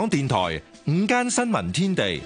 香港電台午間新聞天地，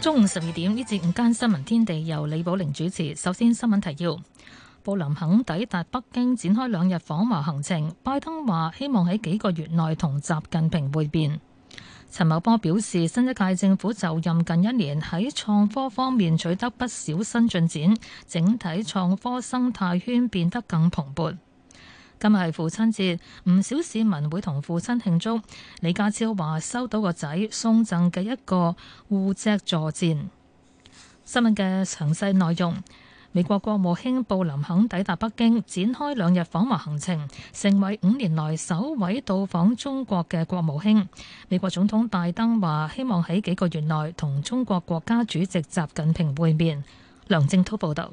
中午十二點呢節午間新聞天地由李寶玲主持。首先新聞提要：布林肯抵達北京展開兩日訪華行程，拜登話希望喺幾個月內同習近平會面。陳茂波表示，新一屆政府就任近一年喺創科方面取得不少新進展，整體創科生態圈變得更蓬勃。今日係父親節，唔少市民會同父親慶祝。李家超話收到個仔送贈嘅一個護脊坐墊。新聞嘅詳細內容：美國國務卿布林肯抵達北京，展開兩日訪華行程，成為五年來首位到訪中國嘅國務卿。美國總統拜登話希望喺幾個月內同中國國家主席習近平會面。梁正濤報道。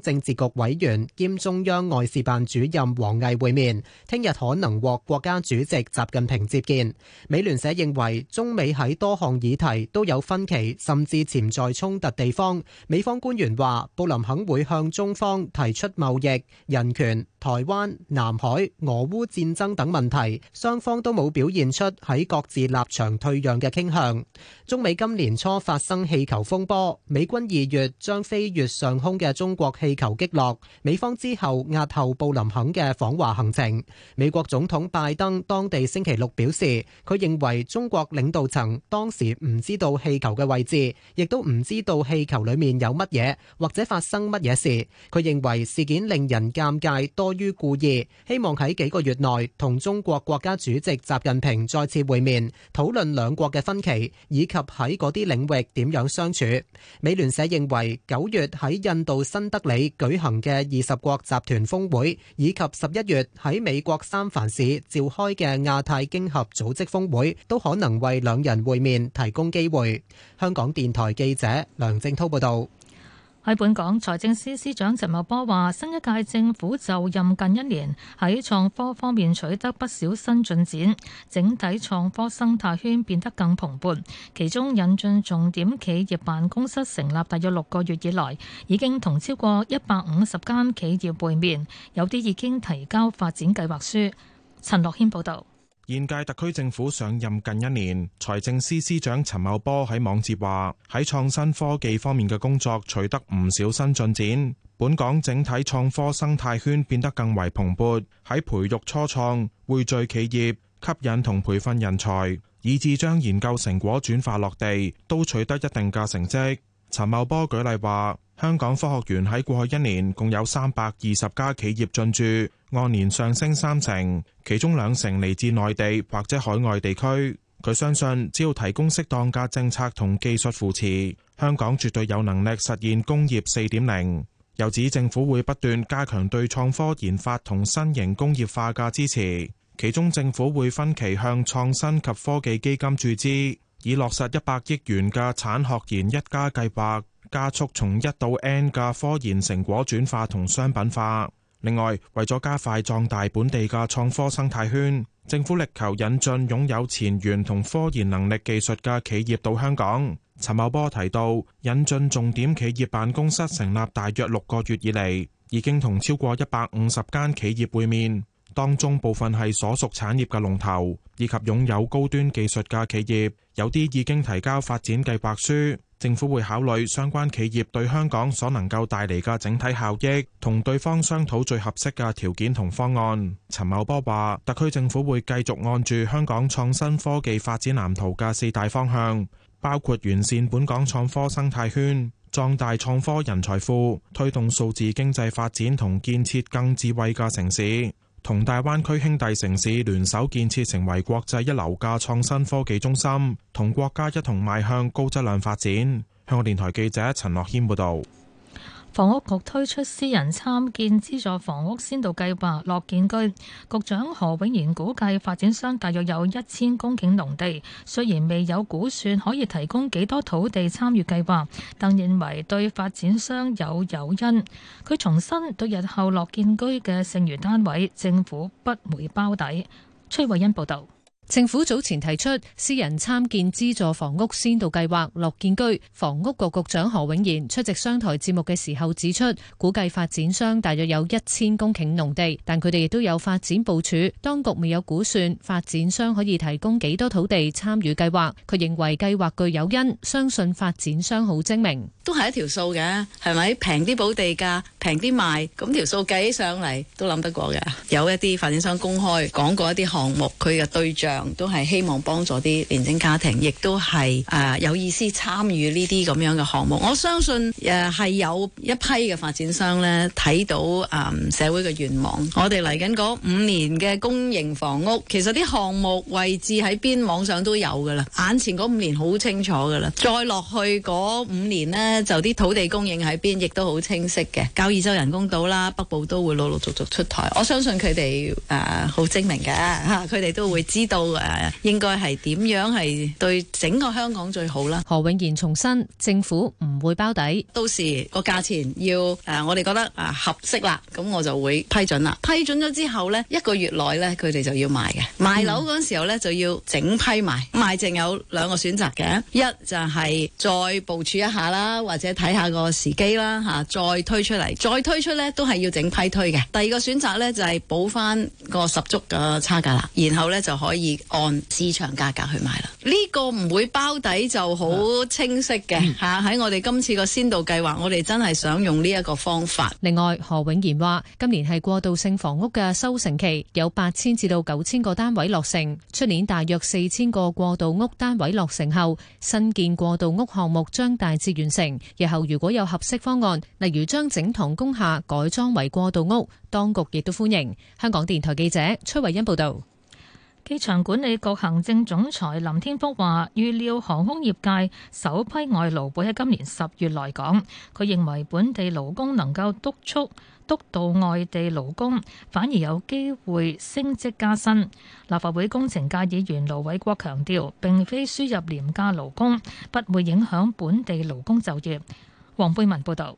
政治局委員兼中央外事辦主任王毅會面，聽日可能獲國家主席習近平接見。美聯社認為，中美喺多項議題都有分歧，甚至潛在衝突地方。美方官員話，布林肯會向中方提出貿易、人權。台灣、南海、俄烏戰爭等問題，雙方都冇表現出喺各自立場退讓嘅傾向。中美今年初發生氣球風波，美軍二月將飛越上空嘅中國氣球擊落，美方之後押後布林肯嘅訪華行程。美國總統拜登當地星期六表示，佢認為中國領導層當時唔知道氣球嘅位置，亦都唔知道氣球裏面有乜嘢或者發生乜嘢事。佢認為事件令人尷尬多。於故意希望喺幾個月內同中國國家主席習近平再次會面，討論兩國嘅分歧以及喺嗰啲領域點樣相處。美聯社認為，九月喺印度新德里舉行嘅二十國集團峰會，以及十一月喺美國三藩市召開嘅亞太經合組織峰會，都可能為兩人會面提供機會。香港電台記者梁正滔報道。喺本港，財政司司長陳茂波話：新一屆政府就任近一年，喺創科方面取得不少新進展，整體創科生態圈變得更蓬勃。其中引進重點企業辦公室成立大約六個月以來，已經同超過一百五十間企業會面，有啲已經提交發展計劃書。陳樂軒報導。現屆特區政府上任近一年，財政司司長陳茂波喺網誌話：喺創新科技方面嘅工作取得唔少新進展，本港整體創科生態圈變得更為蓬勃。喺培育初創、匯聚企業、吸引同培訓人才，以至將研究成果轉化落地，都取得一定嘅成績。陳茂波舉例話。香港科學園喺過去一年共有三百二十家企業進駐，按年上升三成，其中兩成嚟自內地或者海外地區。佢相信，只要提供適當嘅政策同技術扶持，香港絕對有能力實現工業四點零。又指政府會不斷加強對創科研發同新型工業化嘅支持，其中政府會分期向創新及科技基金注資，以落實一百億元嘅產學研一家計劃。加速從一到 N 嘅科研成果轉化同商品化。另外，為咗加快壯大本地嘅創科生態圈，政府力求引進擁有前沿同科研能力技術嘅企業到香港。陳茂波提到，引進重點企業辦公室成立大約六個月以嚟，已經同超過一百五十間企業會面。當中部分係所屬產業嘅龍頭，以及擁有高端技術嘅企業，有啲已經提交發展計劃書。政府會考慮相關企業對香港所能夠帶嚟嘅整體效益，同對方商討最合適嘅條件同方案。陳茂波話，特區政府會繼續按住香港創新科技發展藍圖嘅四大方向，包括完善本港創科生態圈、壯大創科人才庫、推動數字經濟發展同建設更智慧嘅城市。同大灣區兄弟城市聯手建設，成為國際一流嘅創新科技中心，同國家一同邁向高質量發展。香港電台記者陳樂軒報導。房屋局推出私人參建資助房屋先導計劃落建居，局長何永賢估計發展商大約有一千公頃農地，雖然未有估算可以提供幾多土地參與計劃，但認為對發展商有誘因。佢重申對日後落建居嘅剩餘單位，政府不會包底。崔慧欣報導。政府早前提出私人參建資助房屋先導計劃樂建居，房屋局局長何永賢出席商台節目嘅時候指出，估計發展商大約有一千公頃農地，但佢哋亦都有發展部署。當局未有估算發展商可以提供幾多土地參與計劃。佢認為計劃具有因，相信發展商好精明，都係一條數嘅，係咪平啲補地價？平啲賣，咁條數計上嚟都諗得過嘅。有一啲發展商公開講過一啲項目，佢嘅對象都係希望幫助啲年青家庭，亦都係誒、呃、有意思參與呢啲咁樣嘅項目。我相信誒係、呃、有一批嘅發展商咧睇到誒、呃、社會嘅願望。我哋嚟緊嗰五年嘅公營房屋，其實啲項目位置喺邊，網上都有噶啦。眼前嗰五年好清楚噶啦，再落去嗰五年呢，就啲土地供應喺邊，亦都好清晰嘅。二洲人工島啦，北部都會陸陸續續出台。我相信佢哋誒好精明嘅嚇，佢哋都會知道誒應該係點樣係對整個香港最好啦。何永賢重申，政府唔會包底，到時個價錢要誒、呃，我哋覺得啊合適啦，咁我就會批准啦。批准咗之後呢，一個月內呢，佢哋就要賣嘅。賣樓嗰陣時候呢，就要整批賣，嗯、賣淨有兩個選擇嘅，一就係再部署一下啦，或者睇下個時機啦嚇，再推出嚟。再推出咧，都係要整批推嘅。第二個選擇咧，就係補返個十足嘅差價啦，然後咧就可以按市場價格去賣啦。呢個唔會包底就好清晰嘅吓，喺、啊、我哋今次個先導計劃，我哋真係想用呢一個方法。另外，何永賢話：今年係過渡性房屋嘅收成期，有八千至到九千個單位落成。出年大約四千個過渡屋單位落成後，新建過渡屋項目將大致完成。日後如果有合適方案，例如將整堂工廈改裝為過渡屋，當局亦都歡迎。香港電台記者崔慧欣報道。機場管理局行政總裁林天福話：預料航空業界首批外勞會喺今年十月來港。佢認為本地勞工能夠督促督導外地勞工，反而有機會升職加薪。立法會工程界議員盧偉國強調，並非輸入廉價勞工，不會影響本地勞工就業。黃貝文報道：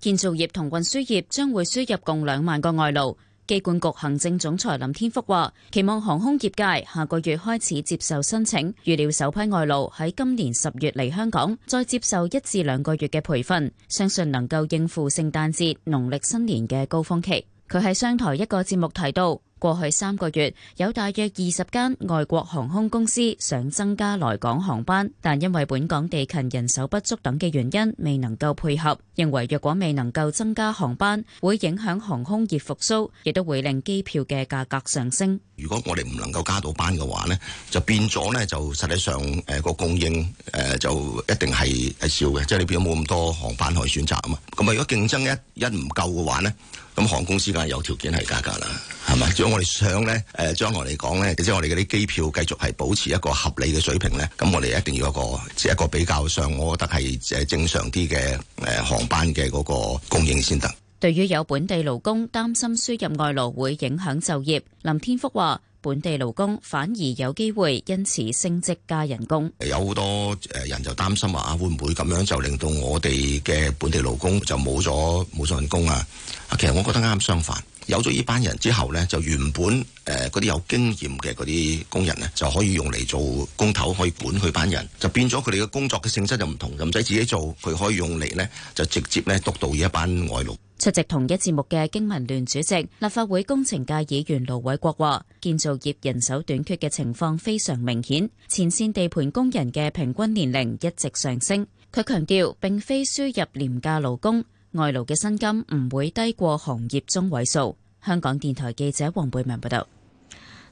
建造業同運輸業將會輸入共兩萬個外勞。機管局行政總裁林天福話：期望航空業界下個月開始接受申請，預料首批外勞喺今年十月嚟香港，再接受一至兩個月嘅培訓，相信能夠應付聖誕節、農曆新年嘅高峰期。佢喺商台一個節目提到。過去三個月，有大約二十間外國航空公司想增加來港航班，但因為本港地勤人手不足等嘅原因，未能夠配合。認為若果未能夠增加航班，會影響航空業復甦，亦都會令機票嘅價格上升。如果我哋唔能夠加到班嘅話呢就變咗呢，就實際上誒個供應誒就一定係係少嘅，即係你變咗冇咁多航班可以選擇啊嘛。咁啊，如果競爭一一唔夠嘅話呢。咁航空公司梗係有條件係價格啦，係咪？如果我哋想咧，誒將來嚟講咧，即係我哋嗰啲機票繼續係保持一個合理嘅水平咧，咁我哋一定要嗰個即一個比較上，我覺得係誒正常啲嘅誒航班嘅嗰個供應先得。對於有本地勞工擔心輸入外勞會影響就業，林天福話。本地勞工反而有機會因此升職加人工，有好多誒人就擔心話啊，會唔會咁樣就令到我哋嘅本地勞工就冇咗冇咗份工啊？啊，其實我覺得啱相反，有咗依班人之後咧，就原本誒嗰啲有經驗嘅嗰啲工人咧，就可以用嚟做工頭，可以管佢班人，就變咗佢哋嘅工作嘅性質就唔同，就唔使自己做，佢可以用嚟咧就直接咧督導依一班外勞。出席同一節目嘅經民聯主席、立法會工程界議員盧偉國話：建造業人手短缺嘅情況非常明顯，前線地盤工人嘅平均年齡一直上升。佢強調並非輸入廉價勞工，外勞嘅薪金唔會低過行業中位數。香港電台記者黃貝文報道。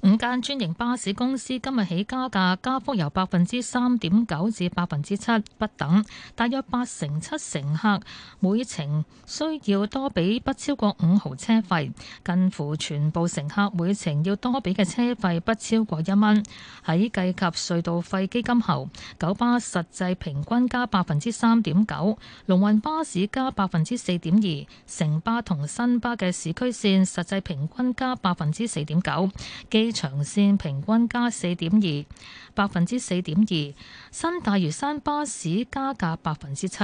五間專營巴士公司今日起加價，加幅由百分之三點九至百分之七不等，大約八成七乘客每程需要多俾不超過五毫車費，近乎全部乘客每程要多俾嘅車費不超過一蚊。喺計及隧道費基金後，九巴實際平均加百分之三點九，龍運巴士加百分之四點二，城巴同新巴嘅市區線實際平均加百分之四點九。長線平均加四點二，百分之四點二。新大嶼山巴士加價百分之七。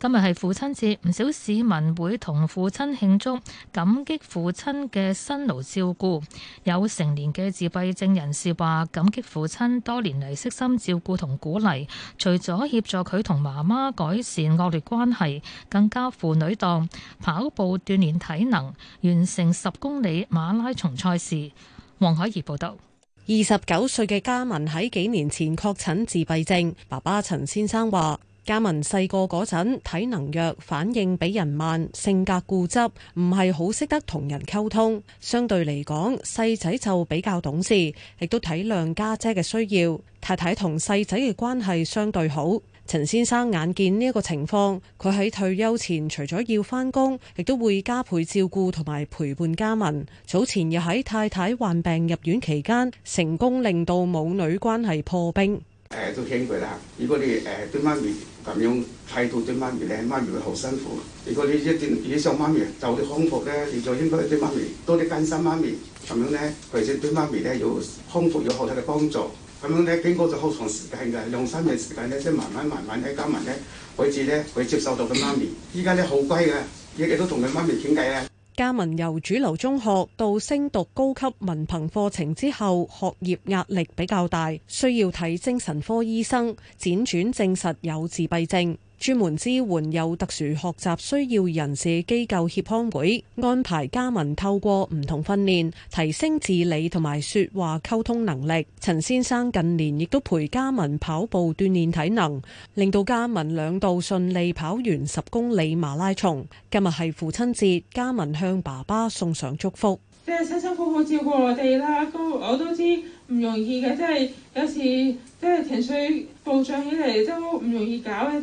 今日係父親節，唔少市民會同父親慶祝，感激父親嘅辛勞照顧。有成年嘅自閉症人士話：感激父親多年嚟悉心照顧同鼓勵，除咗協助佢同媽媽改善惡劣關係，更加父女檔跑步鍛鍊體能，完成十公里馬拉松賽事。黃海怡報道：「二十九歲嘅家文喺幾年前確診自閉症，爸爸陳先生話，家文細個嗰陣體能弱，反應比人慢，性格固執，唔係好識得同人溝通。相對嚟講，細仔就比較懂事，亦都體諒家姐嘅需要。太太同細仔嘅關係相對好。陳先生眼見呢一個情況，佢喺退休前除咗要返工，亦都會加倍照顧同埋陪伴家文。早前又喺太太患病入院期間，成功令到母女關係破冰。誒，都聽過啦。如果你誒、呃、對媽咪咁樣態度對媽咪呢？媽咪會好辛苦。如果你一啲，而且想媽咪早啲康復呢，你就應該對媽咪多啲關心媽咪，咁樣呢，或者對媽咪呢，有康復有好大嘅幫助。咁樣呢，經過咗好長時間嘅兩三年時間慢慢慢慢呢，即慢慢慢慢咧，加埋呢，開始呢，可以接受到佢媽咪，依家呢，好乖㗎，日日都同佢媽咪傾偈呢。加文由主流中學到升讀高級文憑課程之後，學業壓力比較大，需要睇精神科醫生，輾轉證實有自閉症。專門支援有特殊學習需要人士，機構協康會，安排嘉文透過唔同訓練提升自理同埋説話溝通能力。陳先生近年亦都陪嘉文跑步鍛鍊體能，令到嘉文兩度順利跑完十公里馬拉松。今日係父親節，嘉文向爸爸送上祝福。即係辛辛苦苦照顧我哋啦，咁我都知唔容易嘅。即係有時即係情緒暴漲起嚟都唔容易搞嘅。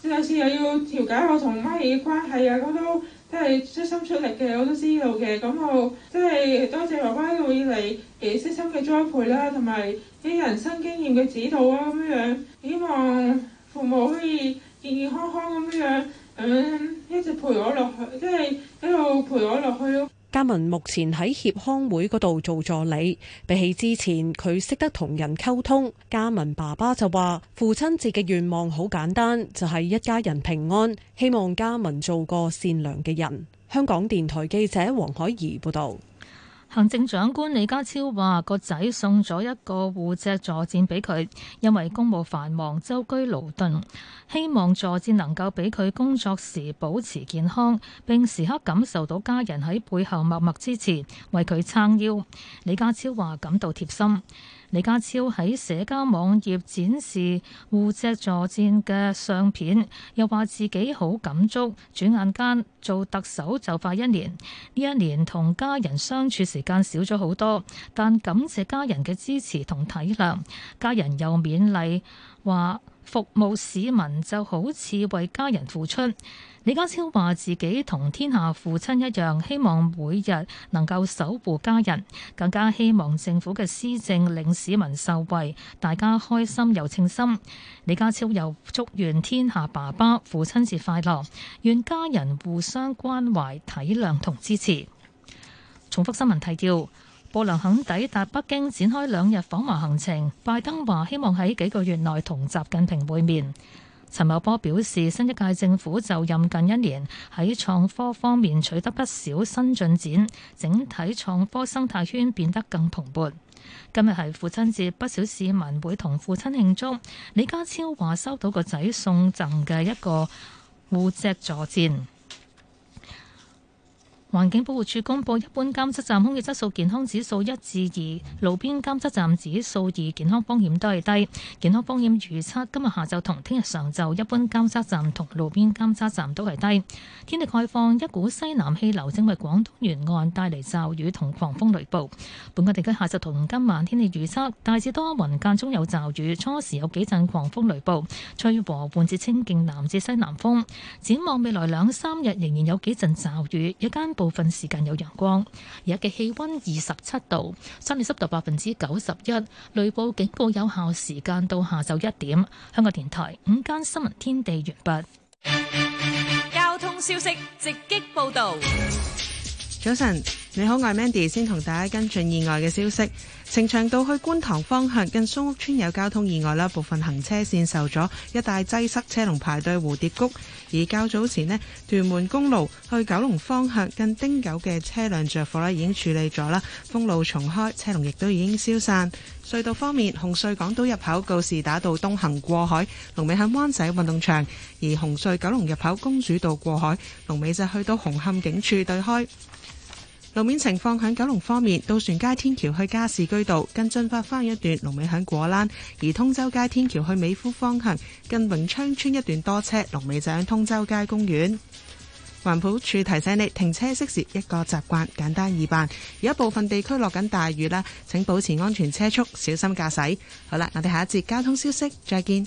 即係有時又要調解我同媽咪嘅關係啊，咁都即係出心出力嘅，我都知道嘅。咁我即係多謝爸爸一路以嚟誒悉心嘅栽培啦，同埋啲人生經驗嘅指導啊咁樣樣。希望父母可以健健康康咁樣樣，嗯，一直陪我落去，即係一路陪我落去咯。嘉文目前喺協康會嗰度做助理，比起之前佢識得同人溝通。嘉文爸爸就話，父親節嘅願望好簡單，就係一家人平安，希望嘉文做個善良嘅人。香港電台記者黃海怡報道。行政長官李家超話：個仔送咗一個護脊坐墊俾佢，因為公務繁忙，周居勞頓，希望坐墊能夠俾佢工作時保持健康，並時刻感受到家人喺背後默默支持，為佢撐腰。李家超話感到貼心。李家超喺社交網頁展示護脊助戰嘅相片，又話自己好感觸，轉眼間做特首就快一年。呢一年同家人相處時間少咗好多，但感謝家人嘅支持同體諒。家人又勉勵話，服務市民就好似為家人付出。李家超話自己同天下父親一樣，希望每日能夠守護家人，更加希望政府嘅施政令市民受惠，大家開心又稱心。李家超又祝願天下爸爸父親節快樂，願家人互相關懷體諒同支持。重複新聞提要：布林肯抵達北京，展開兩日訪華行程。拜登話希望喺幾個月內同習近平會面。陳茂波表示，新一屆政府就任近一年，喺創科方面取得不少新進展，整體創科生態圈變得更蓬勃。今日係父親節，不少市民會同父親慶祝。李家超話收到個仔送贈嘅一個護脊坐墊。環境保護署公布，一般監測站空氣質素健康指數一至二，路邊監測站指數二，健康風險都係低。健康風險預測今日下晝同聽日上晝，一般監測站同路邊監測站都係低。天氣概況，一股西南氣流正為廣東沿岸帶嚟驟雨同狂風雷暴。本港地區下晝同今晚天氣預測大致多雲，間中有驟雨，初時有幾陣狂風雷暴，吹和伴至清勁南至西南風。展望未來兩三日仍然有幾陣驟雨，日間。部分時間有陽光，而家嘅氣溫二十七度，相對濕度百分之九十一，雷暴警告有效時間到下晝一點。香港電台午間新聞天地完畢。交通消息直擊報道。早晨，你好，我係 Mandy，先同大家跟進意外嘅消息。呈祥道去觀塘方向近松屋村有交通意外啦，部分行車線受阻，一帶擠塞，車龍排隊蝴蝶谷。而較早前呢屯門公路去九龍方向近丁九嘅車輛着火呢已經處理咗啦，封路重開，車龍亦都已經消散。隧道方面，紅隧港島入口告士打道東行過海，龍尾喺灣仔運動場；而紅隧九龍入口公主道過海，龍尾就去到紅磡警署對開。路面情況喺九龍方面，渡船街天橋去加士居道近駿發方向一段，龍尾喺果欄；而通州街天橋去美孚方向近榮昌村一段多車，龍尾就喺通州街公園。環保署提醒你停車熄匙一個習慣，簡單易辦。而家部分地區落緊大雨啦，請保持安全車速，小心駕駛。好啦，我哋下一節交通消息再見。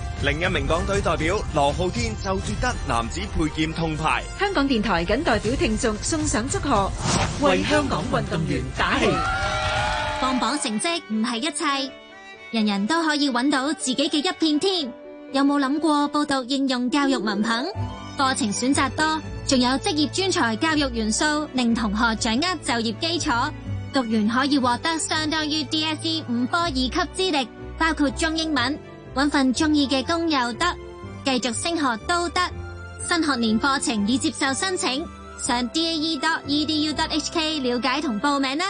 另一名港隊代表羅浩天就奪得男子佩劍銅牌，香港電台謹代表聽眾送上祝賀，為香港運動員打氣。放榜成績唔係一切，人人都可以搵到自己嘅一片天。有冇諗過報讀應用教育文憑課程？選擇多，仲有職業專才教育元素，令同學掌握就業基礎，讀完可以獲得相當於 DSE 5搵份中意嘅工又得，繼續升學都得。新學年課程已接受申請，上 DAE.edu.hk 了解同報名啦。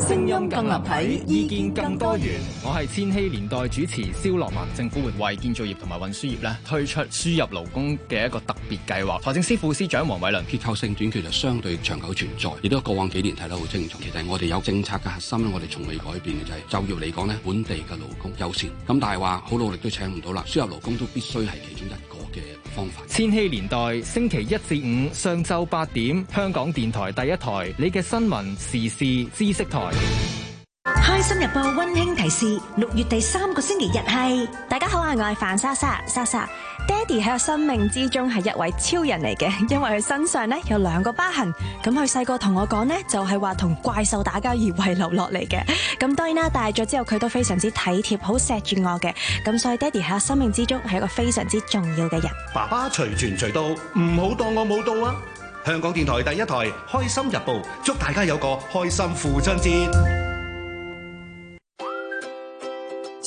聲音更立體，意見更多元。我係千禧年代主持蕭樂文。政府會為建造業同埋運輸業咧推出輸入勞工嘅一個特別計劃。財政司副司長黃偉綸，結構性短缺就相對長久存在，亦都過往幾年睇得好清楚。其實我哋有政策嘅核心，我哋從未改變嘅就係、是，就業嚟講咧本地嘅勞工優先。咁但係話好努力都請唔到啦，輸入勞工都必須係其中一個。千禧年代，星期一至五，上晝八點，香港電台第一台，你嘅新聞時事知識台。開心日報溫馨提示：六月第三個星期日係。大家好啊，我係范莎莎。莎莎，爹哋喺我生命之中係一位超人嚟嘅，因為佢身上咧有兩個疤痕。咁佢細個同我講咧，就係話同怪獸打交而遺留落嚟嘅。咁當然啦，大咗之後佢都非常之體貼，好錫住我嘅。咁所以爹哋喺我生命之中係一個非常之重要嘅人。爸爸隨傳隨到，唔好當我冇到啊！香港電台第一台開心日報，祝大家有個開心父親節。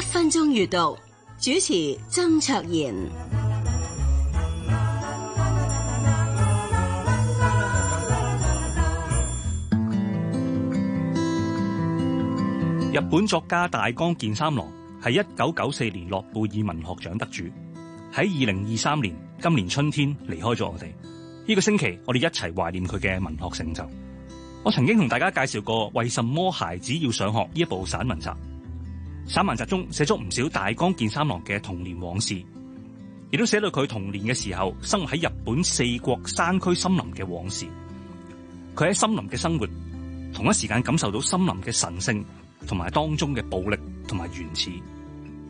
一分鐘閱讀，主持曾卓言。日本作家大江健三郎係一九九四年諾貝爾文學獎得主，喺二零二三年今年春天離開咗我哋。呢、這個星期我哋一齊懷念佢嘅文學成就。我曾經同大家介紹過為什麼孩子要上學呢一部散文集。散文集中寫咗唔少大江健三郎嘅童年往事，亦都寫到佢童年嘅時候生活喺日本四國山區森林嘅往事。佢喺森林嘅生活，同一時間感受到森林嘅神聖同埋當中嘅暴力同埋原始。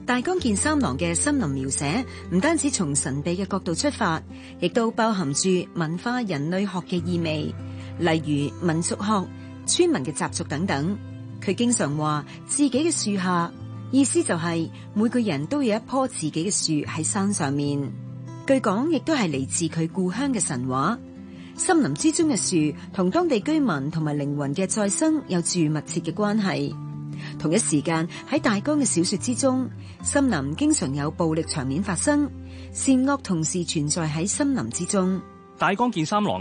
大江健三郎嘅森林描寫，唔單止從神秘嘅角度出發，亦都包含住文化人類學嘅意味，例如民俗學、村民嘅習俗等等。佢經常話自己嘅樹下。意思就係、是、每個人都有一棵自己嘅樹喺山上面。據講亦都係嚟自佢故鄉嘅神話。森林之中嘅樹同當地居民同埋靈魂嘅再生有住密切嘅關係。同一時間喺大江嘅小說之中，森林經常有暴力場面發生，善惡同時存在喺森林之中。大江健三郎。